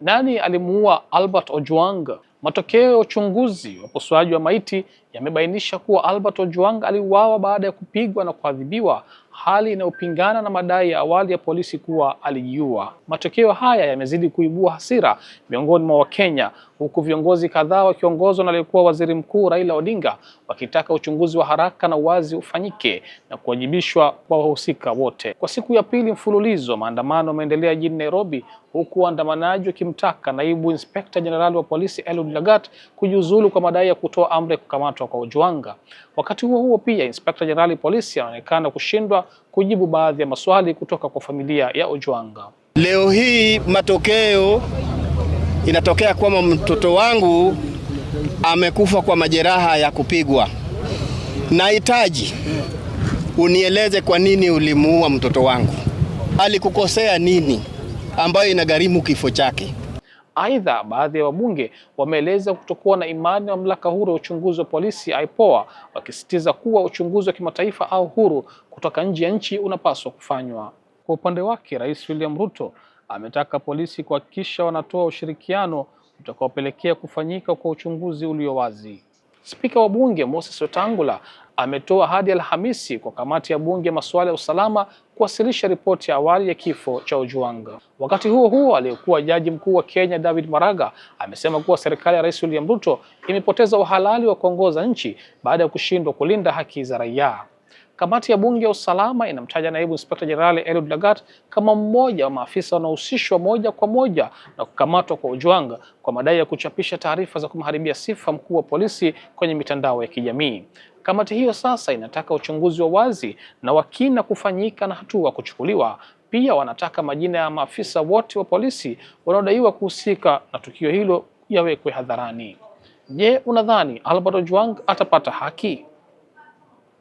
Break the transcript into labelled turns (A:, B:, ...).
A: Nani alimuua Albert Ojwang? Matokeo ya uchunguzi wa upasuaji wa maiti yamebainisha kuwa Albert Ojwang aliuawa baada ya kupigwa na kuadhibiwa hali inayopingana na madai ya awali ya polisi kuwa alijiua. Matokeo haya yamezidi kuibua hasira miongoni mwa Wakenya, huku viongozi kadhaa wakiongozwa na aliyekuwa waziri mkuu Raila Odinga wakitaka uchunguzi wa haraka na wazi ufanyike na kuwajibishwa kwa wahusika wote. Kwa siku ya pili mfululizo, maandamano yameendelea jijini Nairobi, huku waandamanaji wakimtaka naibu inspekta jenerali wa polisi Eliud Lagat kujiuzulu kwa madai ya kutoa amri ya kukamatwa kwa Ojwanga. Wakati huo huo, pia inspekta jenerali polisi anaonekana kushindwa kujibu baadhi ya maswali kutoka kwa familia ya Ojwanga.
B: Leo hii matokeo inatokea kwamba mtoto wangu amekufa kwa majeraha ya kupigwa. Nahitaji unieleze kwa nini ulimuua mtoto wangu, alikukosea nini ambayo inagharimu kifo chake?
A: Aidha, baadhi ya wabunge wameeleza kutokuwa na imani na mamlaka huru ya uchunguzi wa polisi IPOA, wakisisitiza kuwa uchunguzi wa kimataifa au huru kutoka nje ya nchi unapaswa kufanywa. Kwa upande wake, Rais William Ruto ametaka polisi kuhakikisha wanatoa ushirikiano utakaopelekea kufanyika kwa uchunguzi ulio wazi. Spika wa Bunge Moses Wetangula ametoa hadi Alhamisi kwa kamati ya bunge masuala ya usalama kuwasilisha ripoti ya awali ya kifo cha Ojwang. Wakati huo huo, aliyekuwa jaji mkuu wa Kenya David Maraga amesema kuwa serikali ya Rais William Ruto imepoteza uhalali wa kuongoza nchi baada ya kushindwa kulinda haki za raia. Kamati ya bunge ya usalama inamtaja naibu inspekta jenerali Eliud Lagat kama mmoja wa maafisa wanaohusishwa moja kwa moja na kukamatwa kwa Ojwang kwa madai ya kuchapisha taarifa za kumharibia sifa mkuu wa polisi kwenye mitandao ya kijamii. Kamati hiyo sasa inataka uchunguzi wa wazi na wa kina kufanyika na hatua kuchukuliwa. Pia wanataka majina ya maafisa wote wa polisi wanaodaiwa kuhusika na tukio hilo yawekwe hadharani. Je, unadhani Albert Ojwang atapata haki?